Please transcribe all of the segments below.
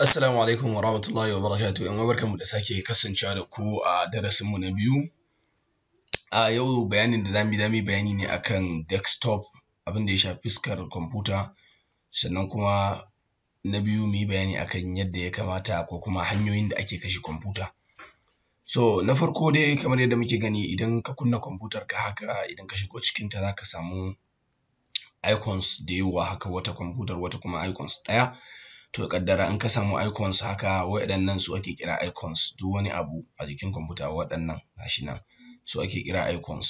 Assalamu alaikum wa rahmatullahi wa barakatu ‘yan barkanmu da sake kasancewa da ku a darasinmu na biyu. A yau bayanin da zamu yi bayani ne akan desktop abin da ya shafi fiskar kwamfuta sannan kuma na biyu mu yi bayani akan yadda ya kamata ko kuma hanyoyin da ake kashe kwamfuta. So na farko dai kamar yadda muke gani idan ka kunna kwamfutar ka haka idan ka shigo cikinta za ka samu icons da yawa haka wata kwamfutar wata kuma icons ɗaya. to kaddara in ka samu icons haka waɗannan su ake kira icons duk wani abu a jikin kwamfuta waɗannan gashi nan su ake kira icons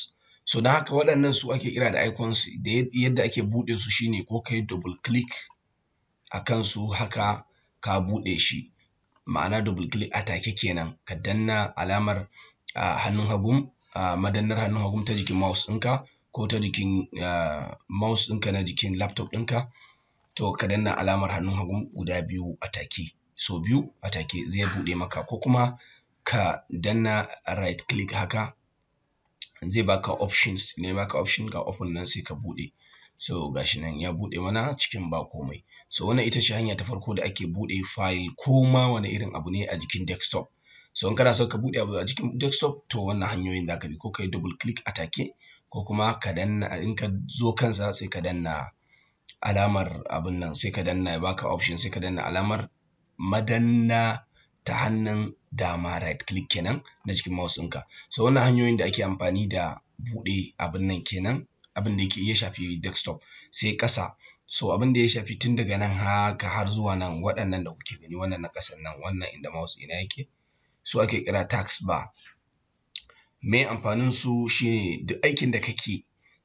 so don haka waɗannan su ake kira da icons da yadda ake buɗe su shine ko kai double click a kan su haka ka buɗe shi ma'ana double click a take kenan ka danna alamar uh, hannun hagun madannar hannun hagun ta jikin mouse ɗinka ko ta jikin uh, mouse ɗinka na jikin laptop ɗinka to ka danna alamar hannun hagu guda biyu a take so biyu a take zai buɗe maka ko kuma ka danna right click haka zai baka options ne baka option ga open nan sai ka buɗe so gashi nan ya buɗe mana cikin ba komai so wannan ita ce hanya ta farko da ake buɗe file ko ma wani irin abu ne a jikin desktop so in kana so ka buɗe abu a jikin desktop to wannan hanyoyin zaka bi ko kai double click a take ko kuma ka danna in ka zo kansa sai ka danna alamar abin nan sai ka danna ya baka option sai ka danna alamar madanna ta hannun dama right click kenan na cikin mouse ɗinka so wannan hanyoyin da ake amfani da buɗe abin nan kenan abin da yake ya shafi desktop sai ƙasa so abin da ya shafi tun daga nan haka har zuwa nan waɗannan da kuke gani wannan na ƙasan nan wannan inda mouse ina yake su ake kira tax ba? me amfanin su shine duk aikin da kake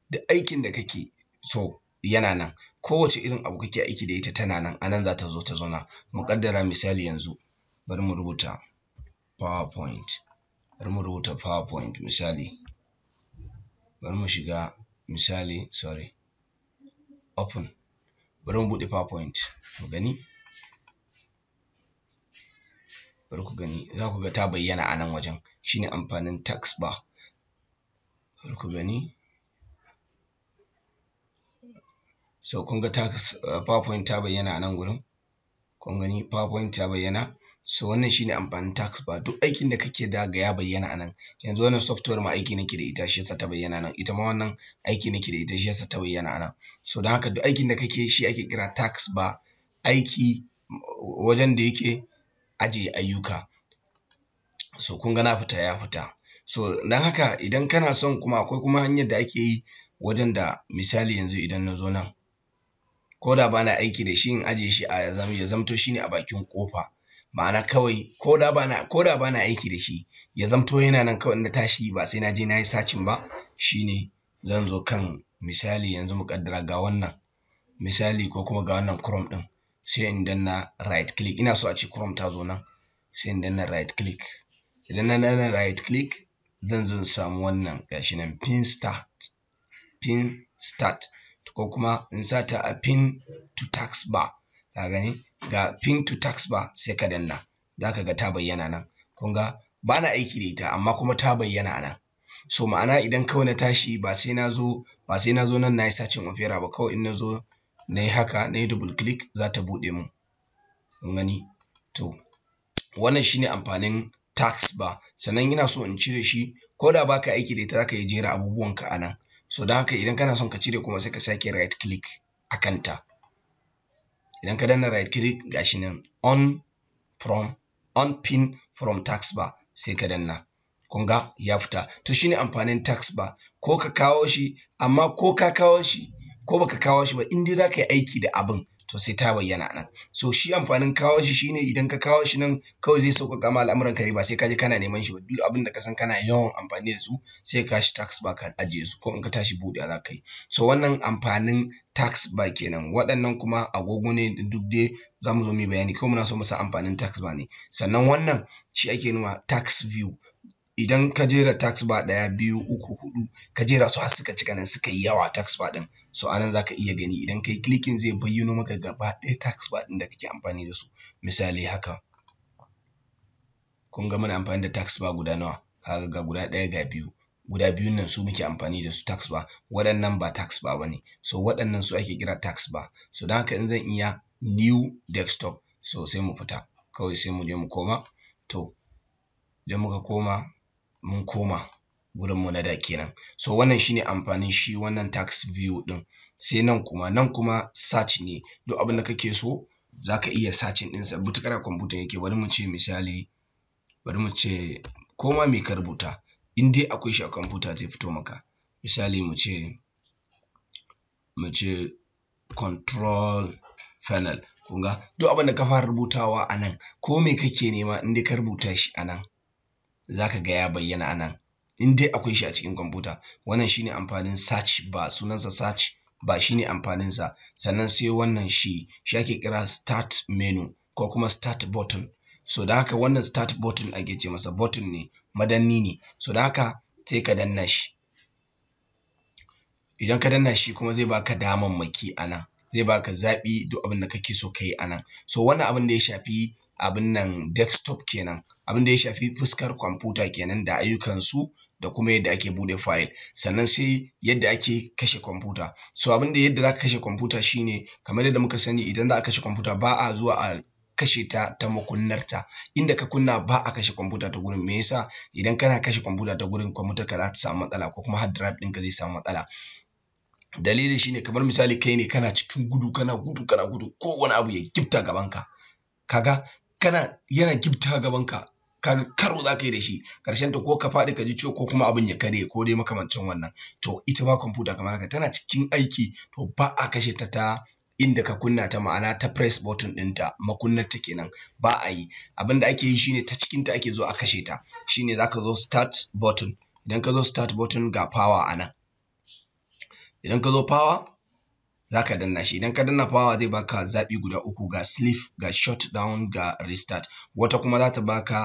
duk aikin da kake so yana nan kowace irin abu kake aiki da ita tana nan anan za ta zo ta zauna muƙaddara misali yanzu bari mu rubuta powerpoint bari mu rubuta powerpoint misali bari mu shiga misali sorry open bari mu buɗe powerpoint mu gani bari ku gani za ku ga ta bayyana a nan wajen shine amfanin tax bar bari ku gani so kun ga uh, powerpoint ta bayyana a nan gurin kun gani powerpoint ta bayyana so wannan shine amfanin tax ba duk aikin da kake da ga ya bayyana a nan yanzu wannan software ma aiki nake da ita shi yasa ta bayyana nan ita ma wannan aiki nake da ita shi yasa ta bayyana a nan so don haka duk aikin da kake shi ake kira tax ba aiki wajen da yake ajiye ayyuka so kun ga na fita ya fita so don haka idan kana son kuma akwai kuma hanyar da ake yi wajen da misali yanzu idan na zo nan ko da ba na aiki da shi in ajiye shi a ya zamto shi ne a bakin kofa ma'ana kawai ko da ba na aiki da shi ya zamto yana nan kawai na tashi ba sai na je na yi sacin ba shine zan zo kan misali yanzu mu kaddara ga wannan misali ko kuma ga wannan chrome din sai in danna right click ina so a ci chrome ta zo nan sai in danna right click idan na danna right click zan zo samu wannan gashi nan pin start pin start ko kuma in sa ta a pin to tax bar ka gani ga pin to tax bar sai ka danna za ka ga ta bayyana nan kun ga ba na aiki da ita amma kuma ta bayyana nan so ma'ana idan kawai na tashi ba sai na zo ba sai na zo nan na yi sacin opera ba kawai in na zo na yi haka na yi double click za ta buɗe mu. kun gani to wannan shine amfanin tax bar sannan ina so in cire shi ko da baka aiki da ita zaka yi jera abubuwanka a nan so don haka idan kana son ka cire kuma sai ka sake right click a kanta idan ka danna right click gashi nan on from on pin from tax bar sai ka danna kun ga ya fita to shine amfanin tax bar ko ka kawo shi amma ko ka kawo shi ko baka kawo shi ba in za zaka yi aiki da abin to sai ta bayyana nan so shi amfanin kawo shi shine idan ka kawo shi nan kawai zai sauƙaƙa ma al'amuran ka ba sai ka je kana neman shi ba duk abin da ka san kana yawan amfani da su sai ka shi tax ba ka ajiye su ko in ka tashi buɗe za ka yi so wannan amfanin tax ba kenan waɗannan kuma agogo ne duk dai za mu zo mu bayani kuma muna so mu san amfanin tax ba ne sannan wannan shi ake nuna tax view idan ka jera tax ba ɗaya biyu uku hudu ka jera su har suka cika nan suka yi yawa tax ba ɗin so anan za ka iya gani idan kai clicking zai bayyano maka gaba ɗaya tax ba ɗin da kake amfani da su misali haka kun ga muna amfani da tax ba guda nawa kaga ga guda ɗaya ga biyu guda biyun nan su muke amfani da su tax ba waɗannan ba tax ba bane so waɗannan su ake kira tax ba so don haka in zan iya new desktop so sai mu fita kawai sai mu je mu koma to idan muka koma mun koma wurinmu na da kenan so wannan shine amfanin shi wannan tax view ɗin sai nan kuma nan kuma search ne duk abin da kake so za ka iya searching ɗinsa sa mutukar kwamfuta yake bari mu ce misali bari mu ce koma mai ka rubuta in dai akwai shi a kwamfuta zai fito maka misali mu ce mu ce control panel kun ga duk abin da ka fara rubutawa a nan ko me kake nema in dai ka rubuta shi a nan za ka ga ya bayyana anan, in dai akwai shi a cikin kwamfuta wannan shine amfanin search ba sunansa search ba shine amfaninsa sannan sai wannan shi shi ake kira start menu ko kuma start button so da haka wannan start button ake ce masa button ne madanni ne so da haka sai ka danna shi idan ka danna shi kuma zai baka damammaki a nan zai baka zaɓi duk abin da kake so kai anan. nan so wannan abin da ya shafi abin nan desktop kenan abin da ya shafi fuskar kwamfuta kenan da ayyukan su da kuma yadda ake bude file sannan sai yadda ake kashe kwamfuta so abin da yadda zaka kashe kwamfuta shine kamar yadda muka sani idan za a kashe kwamfuta ba a zuwa a kashe ta ta makunnarta inda ka kunna ba a kashe kwamfuta ta gurin me yasa idan kana kashe kwamfuta ta gurin kwamfutar ka za ta samu matsala ko kuma hard drive ɗinka zai samu matsala dalili shine kamar misali kai ne kana cikin gudu kana gudu kana gudu ko wani abu ya gifta gabanka kaga kana yana gifta gabanka kaga karo za ka yi da shi karshen ta ko ka faɗi ka ji ciwo ko kuma abin ya kare ko dai makamancin wannan to ita ma kwamfuta kamar haka tana cikin aiki to ba a kashe ta ta inda ka kunna ta ma'ana ta press button ɗinta makunnar ta kenan ba a yi abin da ake yi shine ta cikin ta ake zo a kashe ta shine zaka zo start button idan ka zo start button ga power a nan idan ka zo power za ka danna shi idan ka danna power zai baka zaɓi guda uku ga sleep ga shutdown ga restart wata kuma za ta baka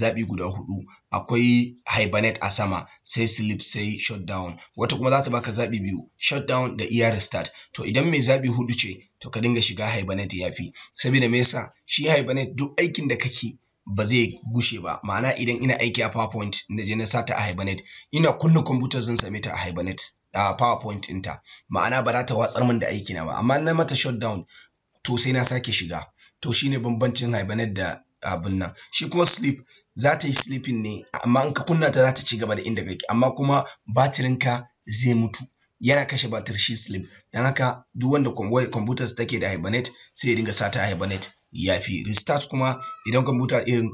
zaɓi guda hudu akwai hibernate a sama sai sleep sai shutdown wata kuma za ta baka zaɓi biyu shot shutdown da iya restart to idan mai zaɓi hudu ce to ka dinga shiga hibernate ya fi saboda me yasa shi hibernate duk aikin da kake ba zai gushe ba ma'ana idan ina aiki a powerpoint na je na sata a hibernate ina kunna kwamfuta zan same ta a hibernate a powerpoint ɗinta ma'ana ba za ta watsar min da aiki na ba amma na mata shutdown to sai na sake shiga to shi ne bambancin hibernate da abin nan shi kuma sleep za ta yi sleeping ne amma in ka kunna ta za ta ci gaba da inda kake amma kuma batirinka zai mutu yana kashe batir shi slim don haka duk wanda su take da hibernate sai ya dinga sata hibernate ya fi restart kuma idan kwamfuta irin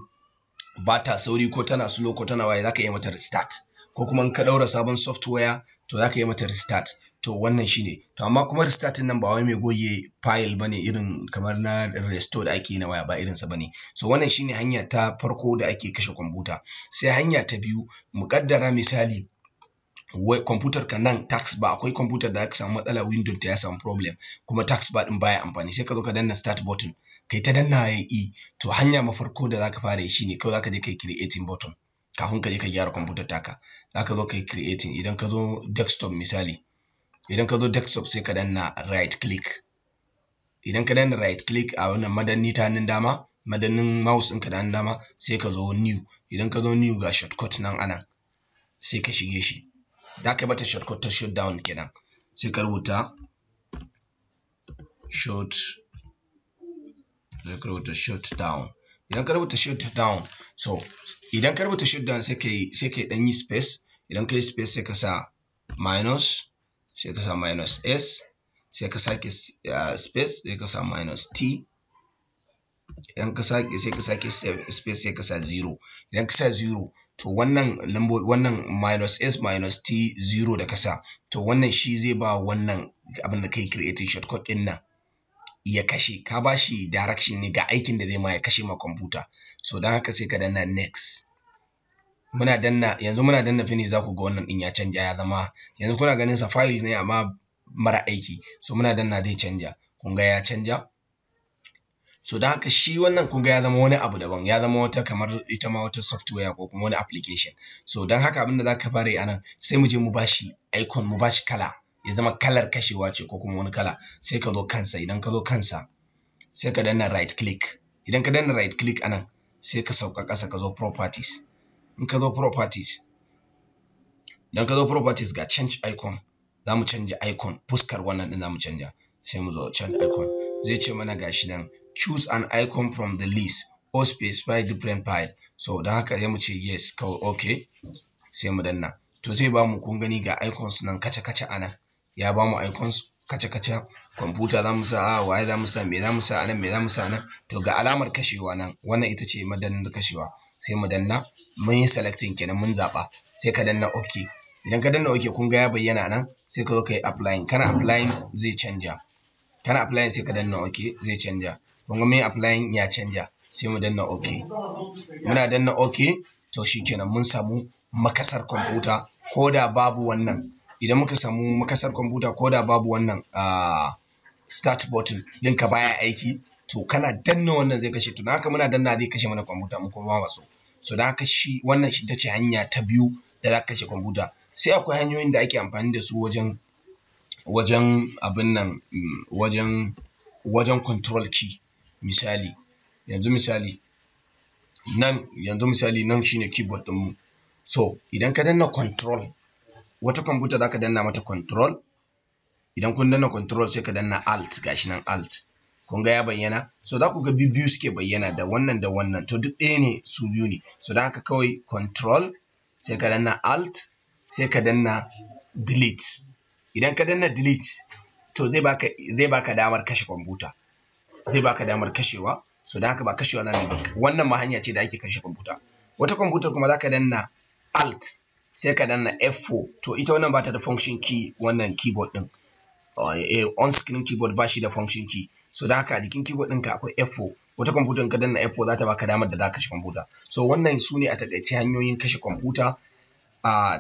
ba ta sauri ko tana slow ko tana waye zaka yi mata restart ko kuma ka daura sabon software to zaka yi mata restart to wannan shine to amma kuma restart nan ba wai mai goge file ba ne irin kamar na restore da ake yi na waya ba irinsa bane so wannan shine hanya ta farko da ake kashe kwamfuta sai hanya ta biyu mukaddara misali kwamfutar ka nan tax ba akwai kwamfutar da aka samu matsala window ta ya samu problem kuma tax ba din baya amfani sai ka zo ka danna start button kai ta danna ya yi e, to hanya mafarko da zaka fara yi shine kawai zaka je kai creating button kafin ka je ka gyara kwamfutar taka zaka zo kai creating idan ka zo desktop misali idan ka zo desktop sai ka danna right click idan ka danna right click a wannan madanni ta nan dama madannin mouse ɗinka da danna dama sai ka zo new idan ka zo new ga shortcut nan anan sai ka shige shi da aka yi mata shortcut ta shut down kenan sai ka rubuta short zai ka rubuta shut down idan ka rubuta shut down so idan ka rubuta shut down sai ka yi dan yi space idan ka yi space sai ka sa minus sai ka sa minus s sai ka sake eh, space sai ka sa minus t idan ka sake sai ka sake space sai ka sa zero idan ka sa zero to wannan number wannan minus s minus t zero da ka sa to wannan shi zai ba wannan abin da kai creating shortcut din nan ya kashe ka ba shi direction ne ga aikin da zai ma ya kashe ma computer so don haka sai ka danna next muna danna yanzu muna danna finish za ku ga wannan din ya canja ya zama yanzu kuna ganin sa file ne amma mara aiki so muna danna zai canja kun ga ya canja so da haka shi wannan kun ga ya zama wani abu daban ya zama wata kamar ita ma wata software ko kuma wani application so don haka abinda za ka fara yi anan sai mu je mu bashi icon mu bashi kala ya zama kalar kashewa ce ko kuma wani kala sai ka zo kansa idan ka zo kansa sai ka danna right click idan ka danna right click anan sai ka sauka ƙasa ka zo properties in ka zo properties idan ka zo properties ga change icon za mu canja icon fuskar wannan din za mu canja sai mu zo change icon zai ce mana gashi nan choose an icon from the list or specify different file so don haka zai mu ce yes kawai okay sai mu danna to zai ba mu kun gani ga icons nan kaca kaca ana ya ba mu icons kaca kaca Computer za mu sa a ah, waye za mu sa me za mu sa anan me za mu sa nan to ga alamar kashewa nan wannan ita ce madannin kashewa sai mu danna mun yi selecting kenan mun zaɓa sai ka danna okay idan ka danna okay kun ga ya bayyana nan sai ka zo ka yi applying kana applying zai canja kana applying sai ka danna okay zai canja kun ga mun yi applying ya canja sai mu danna ok muna danna ok to shikenan mun samu makasar kwamfuta ko da babu wannan idan muka samu makasar kwamfuta ko da babu wannan a start button ka baya aiki to kana danna wannan zai kashe to haka muna danna zai kashe mana kwamfuta mu kuma ba so so haka shi wannan shi ce hanya ta biyu da za ka kashe kwamfuta sai akwai hanyoyin da ake amfani da su wajen wajen abin nan mm, wajen wajen control key misali yanzu misali nan yanzu misali nan shine keyboard din mu so idan ka danna control wata kwamfuta za ka danna mata control idan kun danna control sai ka danna alt gashi nan alt kun ga ya bayyana so za ku ga biyu suke bayyana da wannan da wannan to duk ɗaya ne su biyu ne so don haka kawai control sai ka danna alt sai ka danna delete idan ka danna delete to zai baka zai baka damar kashe kwamfuta zai baka damar kashewa so da haka ba kashewa na mu wannan ma hanya ce da ake kashe kwamfuta wata kwamfutar kuma za ka danna alt sai ka danna f4 to ita wannan ba ta da function key wannan keyboard din eh, eh, on screen keyboard ba shi da function key so da haka a jikin keyboard ɗinka akwai f4 wata kwamfutar ka danna f4 za ta baka damar da za ka kashe kwamfuta so wannan su ne a taƙaice hanyoyin kashe kwamfuta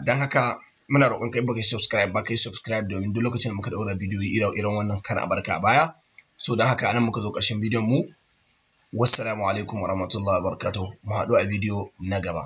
don haka muna roƙon kai ka subscribe ba kai subscribe domin duk lokacin da muka daura bidiyo irin wannan kar a barka a baya so don haka anan muka zo ƙarshen bidiyon mu wassalamu alaikum warahmatullahi wabarakatuh mu haɗu a bidiyo na gaba